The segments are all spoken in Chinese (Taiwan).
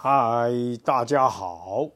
嗨，大家好，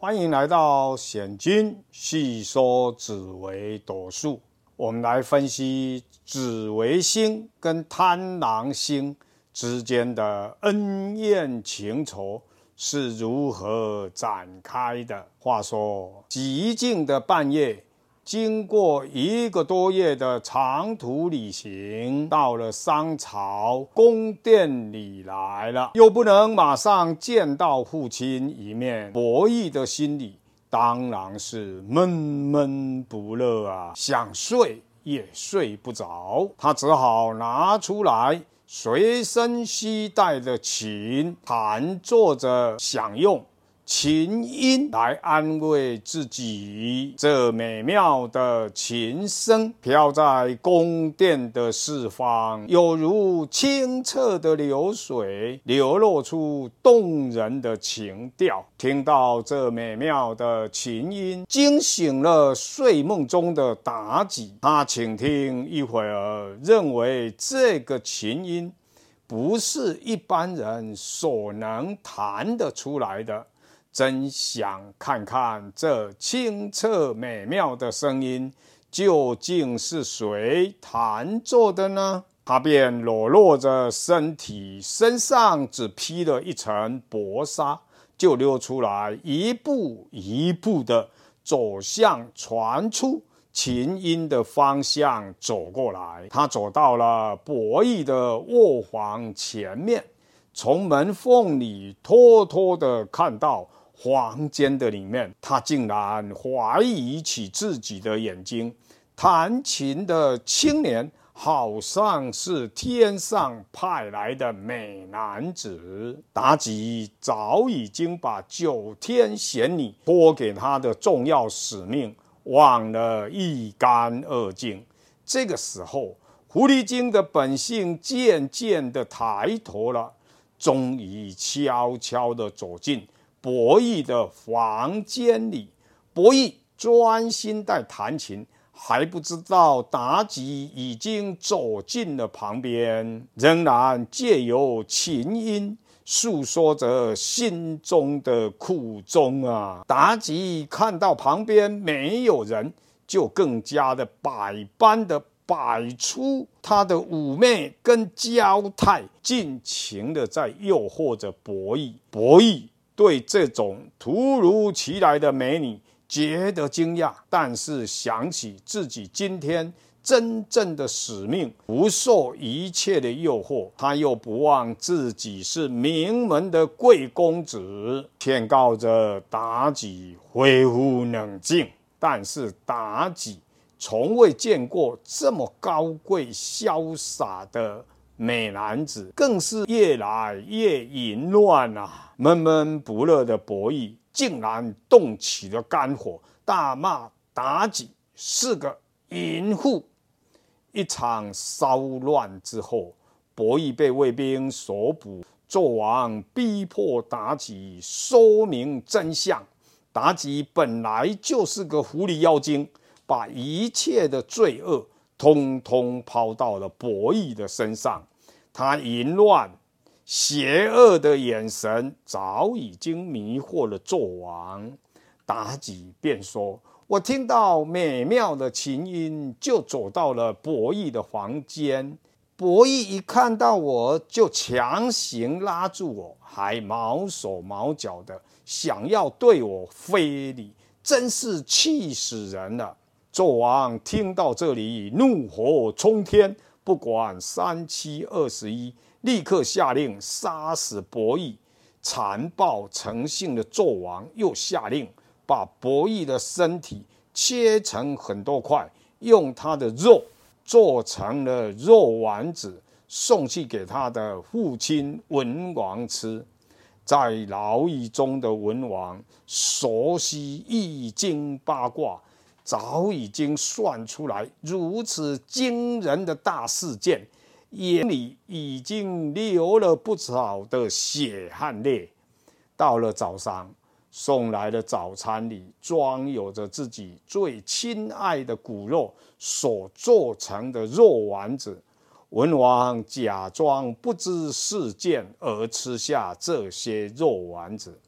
歡迎來到《顯君細說紫微斗數》。我們來分析紫微星跟貪狼星之間的恩怨情仇是如何展開的。話說，寂靜的半夜。經過一個多月的長途旅行，到了商朝宮殿裡來了，又不能馬上見到父親一面，伯邑的心裡當然是悶悶不樂啊，想睡也睡不着，他只好拿出來隨身携帶的琴彈，坐着享用。琴音來安慰自己，這美妙的琴聲飄在宮殿的四方，有如清澈的流水，流露出動人的情調。聽到這美妙的琴音，驚醒了睡夢中的妲己。她傾聽一會兒，認為這個琴音，不是一般人所能彈得出來的。真想看看這清澈美妙的聲音究竟是誰彈奏的呢？他便裸露着身體，身上只披了一層薄紗，就溜出來，一步一步地走向傳出琴音的方向走過來。他走到了伯邑的臥房前面，從門縫裡偷偷地看到。房間的裡面，他竟然懷疑起自己的眼睛。彈琴的青年好像是天上派來的美男子。妲己早已經把九天玄女托給他的重要使命忘得一乾二淨。這個時候，狐狸精的本性漸漸的抬頭了，終於悄悄地走近。伯邑的房間裡，伯邑專心在彈琴，還不知道妲己已經走進了旁邊，仍然借由琴音訴說着心中的苦衷啊！妲己看到旁邊沒有人，就更加的百般的擺出她的嫵媚跟嬌態，盡情的在誘惑着伯邑。伯邑對這種突如其來的美女覺得驚訝，但是想起自己今天真正的使命，不受一切的誘惑，他又不忘自己是名門的貴公子，勸告着妲己恢復冷靜。但是妲己從未見過這麼高貴瀟灑的。美男子更是越來越淫亂了。悶悶不樂的伯邑竟然動起了肝火，大罵妲己是個淫婦。一場騷亂之後，伯邑被衛兵所捕，紂王逼迫妲己說明真相。妲己本來就是個狐狸妖精，把一切的罪惡通通拋到了伯邑的身上。他淫亂、邪惡的眼神早已經迷惑了紂王。妲己便說：“我聽到美妙的琴音，就走到了伯邑的房間。伯邑一看到我就強行拉住我，還毛手毛腳的想要對我非禮，真是氣死人了。”紂王聽到這裡，怒火沖天。不管三七二十一，立刻下令殺死伯邑。殘暴成性的紂王又下令，把伯邑的身體切成很多塊，用他的肉做成了肉丸子，送去給他的父親文王吃。在牢獄中的文王熟悉易經八卦。早已經算出來，如此驚人的大事件，眼裡已經流了不少的血汗淚。到了早上，送來的早餐裡裝有着自己最親愛的骨肉所做成的肉丸子，文王假裝不知事件而吃下這些肉丸子。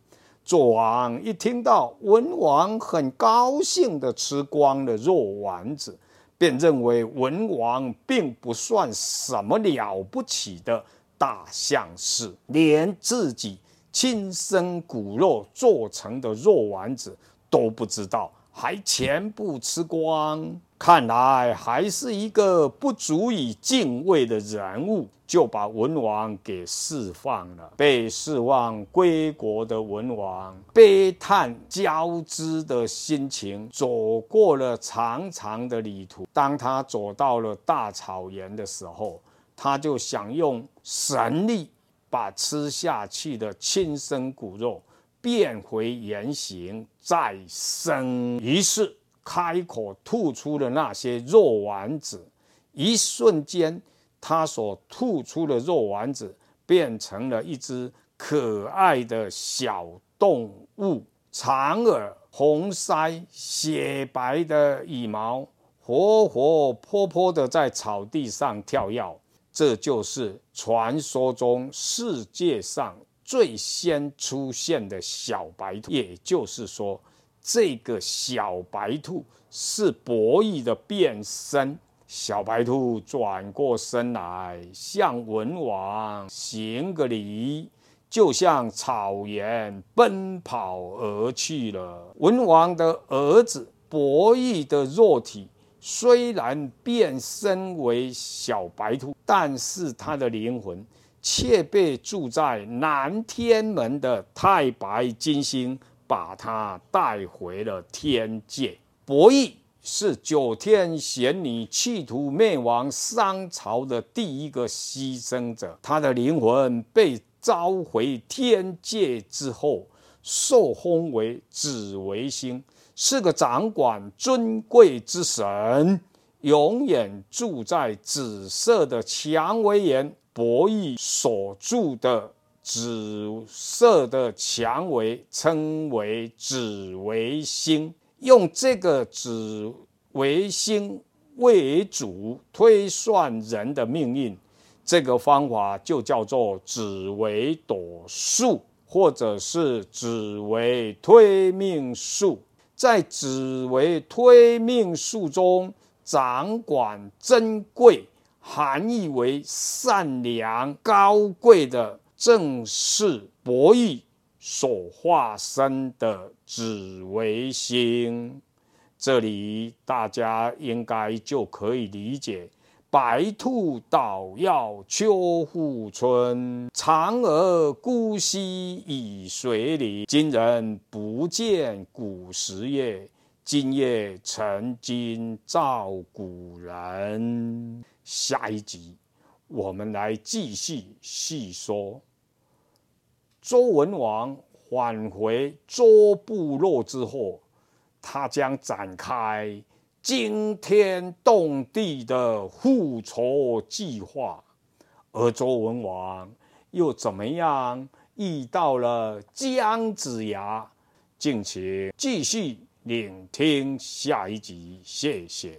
紂王一聽到文王很高興的吃光了肉丸子，便認為文王並不算什麼了不起的大相士，連自己親生骨肉做成的肉丸子都不知道。還全部吃光，看來還是一個不足以敬畏的人物，就把文王給釋放了。被釋放歸國的文王，悲嘆交織的心情，走過了長長的旅途。當他走到了大草原的時候，他就想用神力把吃下去的親生骨肉。變回原形再生，於是開口吐出了那些肉丸子，一瞬間，他所吐出的肉丸子變成了一隻可愛的小動物，長耳、紅腮、雪白的羽毛，活活潑潑的在草地上跳躍。這就是傳說中世界上。最先出現的小白兔，也就是說，這個小白兔是伯邑的變身。小白兔轉過身來，向文王行個禮，就向草原奔跑而去了。文王的兒子伯邑的肉體雖然變身為小白兔，但是他的靈魂。卻被住在南天門的太白金星把他帶回了天界。伯邑是九天玄女企圖滅亡商朝的第一個犧牲者，他的靈魂被召回天界之後，受封為紫微星，是個掌管尊貴之神，永遠住在紫色的薔薇園。伯邑所住的紫色的薔薇稱為紫微星，用這個紫微星為主推算人的命運，這個方法就叫做紫微斗數，或者是紫微推命術。在紫微推命術中，掌管尊貴。含義為善良、高貴的，正是伯邑所化身的紫微星。這裡大家應該就可以理解：“白兔搗藥秋復春，嫦娥孤淒與誰鄰？今人不見古時月，今夜曾經照古人。”下一集，我們來繼續細說。周文王返回周部落之後，他將展開驚天動地的復仇計劃。而周文王又怎麼樣遇到了姜子牙？敬請繼續聆聽下一集，謝謝。